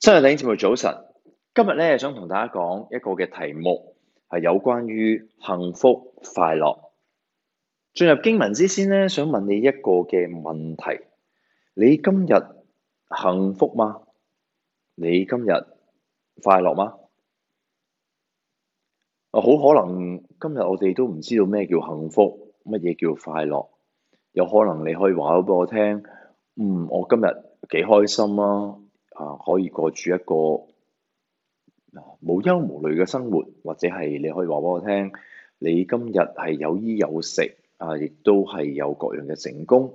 真係頂節目早晨，今日咧，想同大家講一個嘅題目，係有關於幸福快樂。進入經文之先咧，想問你一個嘅問題：你今日幸福嗎？你今日快樂嗎？啊，好可能今日我哋都唔知道咩叫幸福，乜嘢叫快樂。有可能你可以話咗俾我聽，嗯，我今日幾開心啊！可以過住一個無憂無慮嘅生活，或者係你可以話俾我聽，你今日係有衣有食啊，亦都係有各樣嘅成功。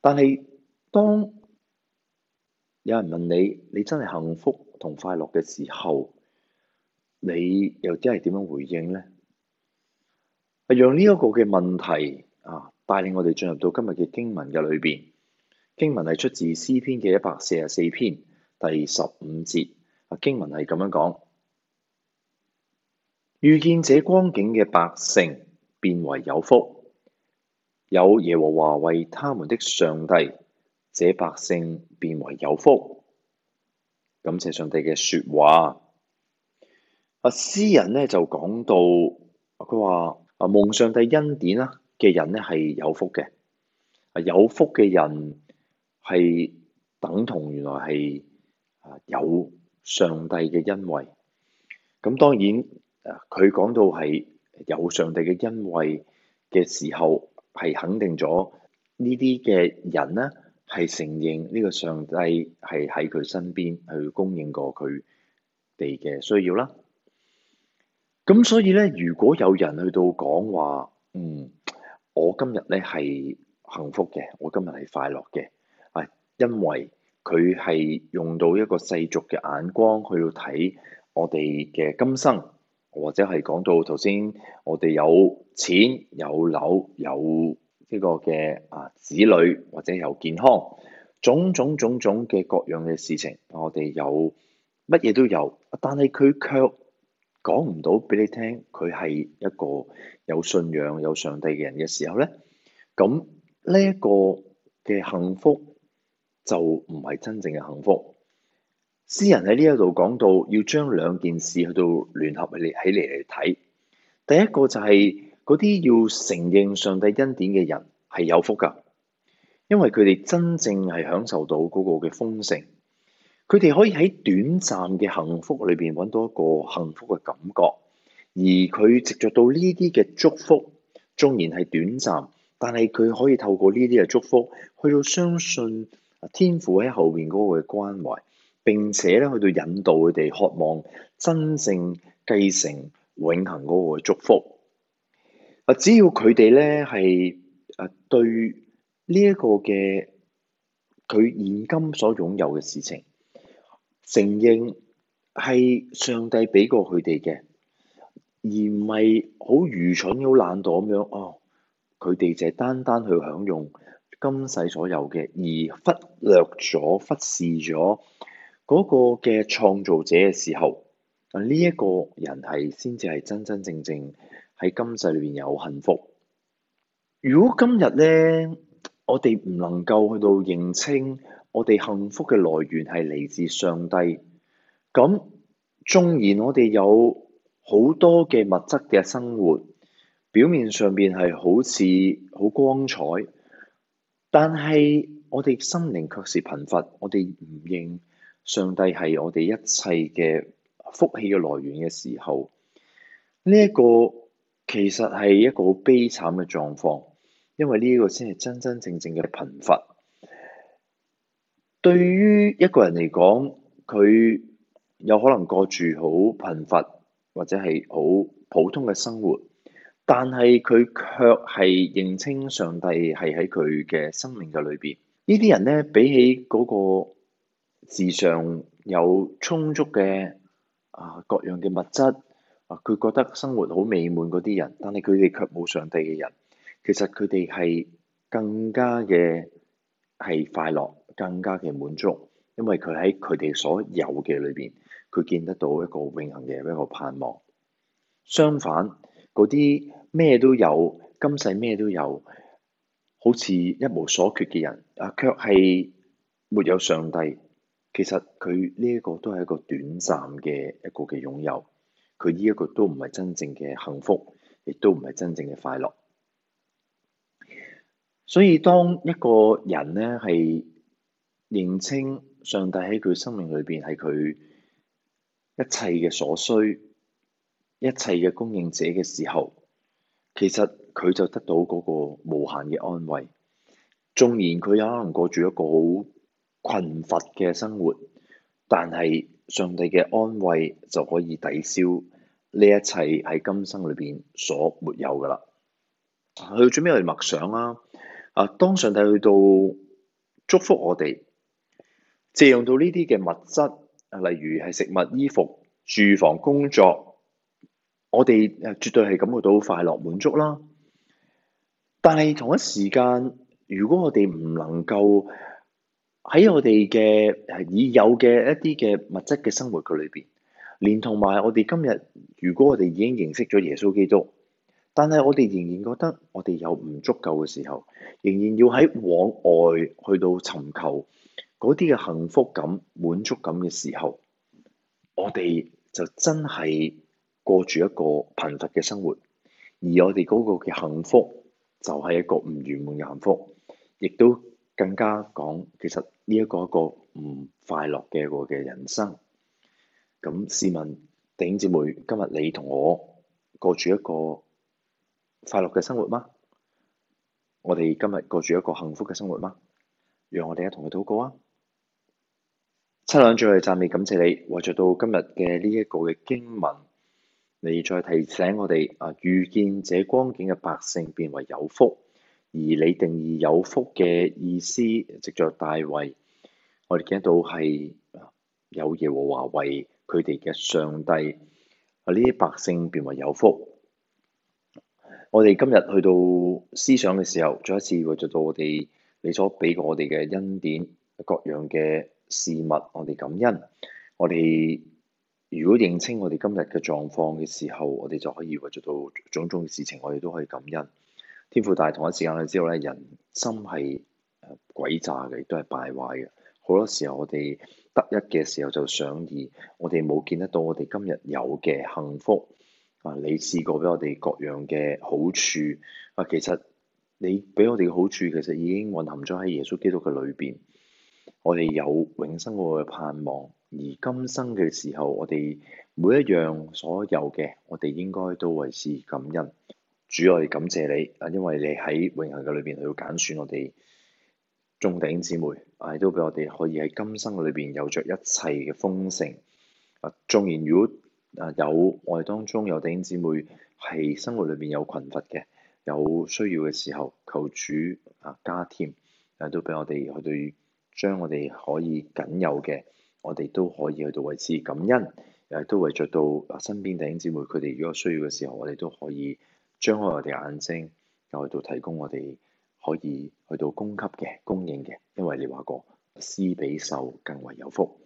但係當有人問你，你真係幸福同快樂嘅時候，你又即係點樣回應呢？啊，讓呢一個嘅問題啊，帶領我哋進入到今日嘅經文嘅裏邊。經文係出自詩篇嘅一百四十四篇。第十五節啊，經文係咁樣講：遇見這光景嘅百姓，便為有福；有耶和華為他們的上帝，這百姓便為有福。感謝上帝嘅說話。啊，詩人呢就講到，佢話啊，蒙上帝恩典啦嘅人咧係有福嘅，啊有福嘅人係等同原來係。有上帝嘅恩惠，咁當然，佢講到係有上帝嘅恩惠嘅時候，係肯定咗呢啲嘅人呢，係承認呢個上帝係喺佢身邊去供應過佢哋嘅需要啦。咁所以呢，如果有人去到講話，嗯，我今日呢係幸福嘅，我今日係快樂嘅，啊，因為。佢係用到一個世俗嘅眼光去到睇我哋嘅今生，或者係講到頭先，我哋有錢有樓有呢個嘅啊子女，或者有健康，種種種種嘅各樣嘅事情，我哋有乜嘢都有，但係佢卻講唔到俾你聽，佢係一個有信仰有上帝嘅人嘅時候咧，咁呢一個嘅幸福，就唔係真正嘅幸福。詩人喺呢一度講到，要將兩件事去到聯合起嚟睇。第一個就係嗰啲要承認上帝恩典嘅人係有福噶，因為佢哋真正係享受到嗰個嘅豐盛。佢哋可以喺短暫嘅幸福裏邊揾到一個幸福嘅感覺，而佢直着到呢啲嘅祝福，縱然係短暫，但係佢可以透過呢啲嘅祝福去到相信。天父喺後面嗰個嘅關懷，並且咧去到引導佢哋，渴望真正繼承永恆嗰個祝福。啊，只要佢哋咧係啊對呢一個嘅佢現今所擁有嘅事情，承認係上帝俾過佢哋嘅，而唔係好愚蠢、好懶惰咁樣哦。佢哋就係單單去享用。今世所有嘅，而忽略咗、忽視咗嗰個嘅創造者嘅時候，呢、這、一個人係先至係真真正正喺今世裏邊有幸福。如果今日呢，我哋唔能夠去到認清我哋幸福嘅來源係嚟自上帝，咁縱然我哋有好多嘅物質嘅生活，表面上邊係好似好光彩。但係，我哋心靈卻是貧乏，我哋唔認上帝係我哋一切嘅福氣嘅來源嘅時候，呢一個其實係一個好悲慘嘅狀況，因為呢一個先係真真正正嘅貧乏。對於一個人嚟講，佢有可能過住好貧乏或者係好普通嘅生活。但係佢卻係認清上帝係喺佢嘅生命嘅裏邊。呢啲人呢，比起嗰個地上有充足嘅啊各樣嘅物質啊，佢覺得生活好美滿嗰啲人，但係佢哋卻冇上帝嘅人，其實佢哋係更加嘅係快樂，更加嘅滿足，因為佢喺佢哋所有嘅裏邊，佢見得到一個永恆嘅一個盼望。相反，嗰啲咩都有，今世咩都有，好似一無所缺嘅人，啊，卻係沒有上帝。其實佢呢一個都係一個短暫嘅一個嘅擁有，佢呢一個都唔係真正嘅幸福，亦都唔係真正嘅快樂。所以當一個人呢係認清上帝喺佢生命裏邊係佢一切嘅所需，一切嘅供應者嘅時候。其實佢就得到嗰個無限嘅安慰，縱然佢有可能過住一個好困乏嘅生活，但係上帝嘅安慰就可以抵消呢一切喺今生裏邊所沒有嘅啦。去最尾係默想啦、啊。啊，當上帝去到祝福我哋，借用到呢啲嘅物質，例如係食物、衣服、住房、工作。我哋誒絕對係感覺到快樂滿足啦，但係同一時間，如果我哋唔能夠喺我哋嘅已有嘅一啲嘅物質嘅生活佢裏邊，連同埋我哋今日，如果我哋已經認識咗耶穌基督，但係我哋仍然覺得我哋有唔足夠嘅時候，仍然要喺往外去到尋求嗰啲嘅幸福感、滿足感嘅時候，我哋就真係。過住一個貧乏嘅生活，而我哋嗰個嘅幸福就係一個唔完滿嘅幸福，亦都更加講，其實呢一個一個唔快樂嘅我嘅人生。咁試問弟兄姐妹，今日你同我過住一個快樂嘅生活嗎？我哋今日過住一個幸福嘅生活嗎？讓我哋一同去禱告啊！七兩再嚟，讚美感謝你，為著到今日嘅呢一個嘅經文。你再提醒我哋啊，遇見這光景嘅百姓便為有福，而你定義有福嘅意思，藉着大衛，我哋見得到係有耶和華為佢哋嘅上帝啊，呢啲百姓便為有福。我哋今日去到思想嘅時候，再一次去做到我哋你所俾過我哋嘅恩典，各樣嘅事物，我哋感恩，我哋。如果認清我哋今日嘅狀況嘅時候，我哋就可以，以為著到種種事情，我哋都可以感恩。天父，但係同一時間嘅之後咧，人心係鬼詐嘅，亦都係敗壞嘅。好多時候我哋得一嘅時候就想二，我哋冇見得到我哋今日有嘅幸福啊！你試過俾我哋各樣嘅好處啊，其實你俾我哋嘅好處，其實，其實已經蘊含咗喺耶穌基督嘅裏邊。我哋有永生嗰個盼望。而今生嘅時候，我哋每一樣所有嘅，我哋應該都為之感恩。主，我哋感謝你啊，因為你喺永恒嘅裏邊去揀選我哋眾弟兄姊妹，啊，都俾我哋可以喺今生嘅裏邊有着一切嘅豐盛。啊，縱然如果啊有我哋當中有弟兄姊妹係生活裏邊有困乏嘅，有需要嘅時候，求主啊加添，啊都俾我哋去到將我哋可以僅有嘅。我哋都可以去到為之感恩，誒，都為着到身邊弟兄姊妹，佢哋如果需要嘅時候，我哋都可以張開我哋眼睛，又去到提供我哋可以去到供給嘅供應嘅。因為你話過施比受更為有福，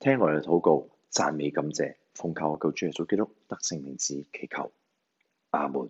聽我哋禱告，讚美感謝，奉靠我救主耶穌基督得勝名字祈求，阿門。